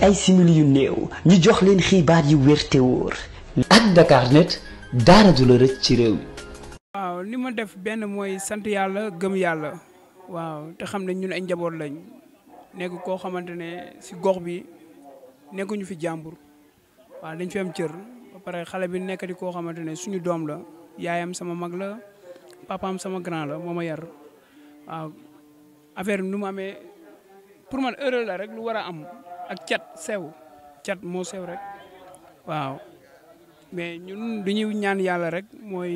ay simili yu néew ñu jox leen xibaar yu wér te wóor. ak Dakarnet daara du la rëcc ci réew mi. waaw li ma def benn mooy sant yàlla gëm yàlla waaw te xam ne ñun ay njaboot lañ nekk koo xamante ne si gox bi nekkuñu fi jàmbur waaw dañ fi am cër ba pare xale bi nekk di koo xamante ne suñu doom la yaayam sama mag la papaam sama grand la moo ma yar waaw affaire bi nu mu amee pour man erreur la rek lu war a am ak cat sew cat moo sew rek waaw mais ñun du ñu ñaan yàlla rek mooy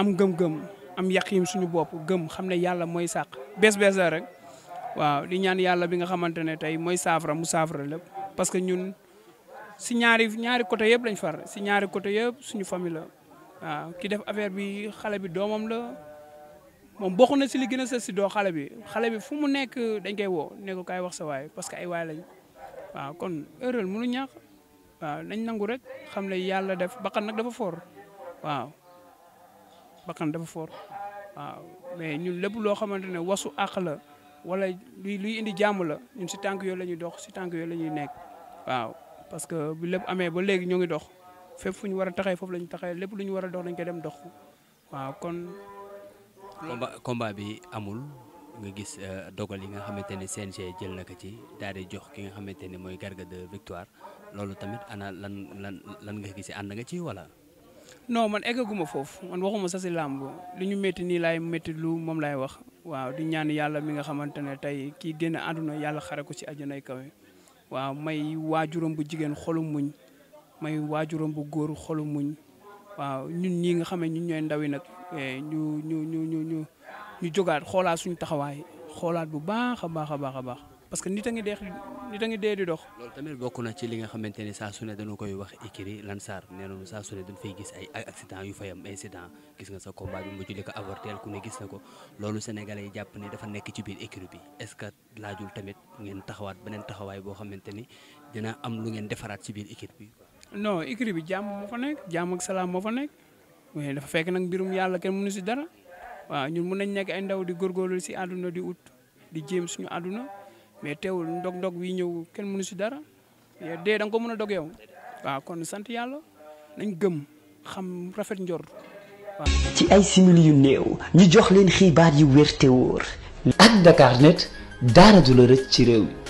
am gëm-gëm am yaqiim suñu bopp gëm xam ne yàlla mooy sàq bees-bees la rek waaw di ñaan yàlla bi nga xamante ne tey mooy saafara mu saafara lépp parce que ñun si ñaari ñaari côté yëpp lañ far si ñaari côté yëpp suñu famille la waaw ki def affaire bi xale bi doomam la moom bokk na si li gën a sës si doo xale bi xale bi fu mu nekk dañ koy woo ne ko wax sa waay parce que ay waay lañ waaw kon erreur mënu ñax waaw nañ nangu rek xam ne yàlla def bakkan nag dafa foor waaw bakkan dafa foor waaw mais ñun lépp loo xamante ne wasu àq la wala luy luy indi jàmm la ñun si tànk yooyu la ñuy dox si tànk yooyu la ñuy nekk waaw parce que bu lépp amee ba léegi ñoo ngi dox fépp fu ñu war a taxee foofu la ñu taxee lépp lu ñu war a dox dañ koy dem dox combat combat bi amul nga gis euh, dogal yi nga xamante ne CNG jël na ko ci daal di jox ki nga xamante ni mooy Garga de victoire loolu tamit ana lan lan lan nga gisee ànd nga ci wala. non man eggaguma foofu man waxuma sa si làmb li ñu métti nii laay métti lu moom laay wax waaw di ñaan yàlla mi nga xamante ne tey kii génn ànduna yàlla xare ko ci àjjanay kawe waaw may waajuram bu jigéen xolu muñ may waajuram bu góor xolu muñ waaw ñun ñii nga xam ne ñun ndaw yi nag Eh, ñu ñu ñu ñu ñu ñu jógaat xoolaat suñu taxawaay xoolaat bu baax a baax a baax a baax parce que nit a ngi dee nit a ngi dee di dox. loolu tamit bokk na ci li nga xamante ne saa su ne dañu koy wax écurie Lansar nee nañu saa su ne dañu fay gis ay accident yu fay am incident gis nga sa combat bi mujj li ko avorté ku ne gis na ko loolu sénégalais yi jàpp ne dafa nekk ci biir écurie bi est-ce que laajul tamit ngeen taxawaat beneen taxawaay boo xamante ni dina am lu ngeen defaraat ci biir écurie bi. non écurie bi jàmm moo fa nekk jàmm ak salaam moo fa nekk. mais dafa fekk nag mbirum yàlla kenn mënu si dara waaw ñun mun nañ nekk ay ndaw di góorgóorlu si àdduna di ut di jéem suñu àdduna mais teewul ndog-ndog wi ñëw kenn mënu si dara dee da nga ko mën a dog yow waaw kon sant yàlla nañ gëm xam rafet njor ci ay simili yu néew ñu jox leen xibaar yu wér te wóor. ak Dakarnet dara du la rëcc ci réew mi.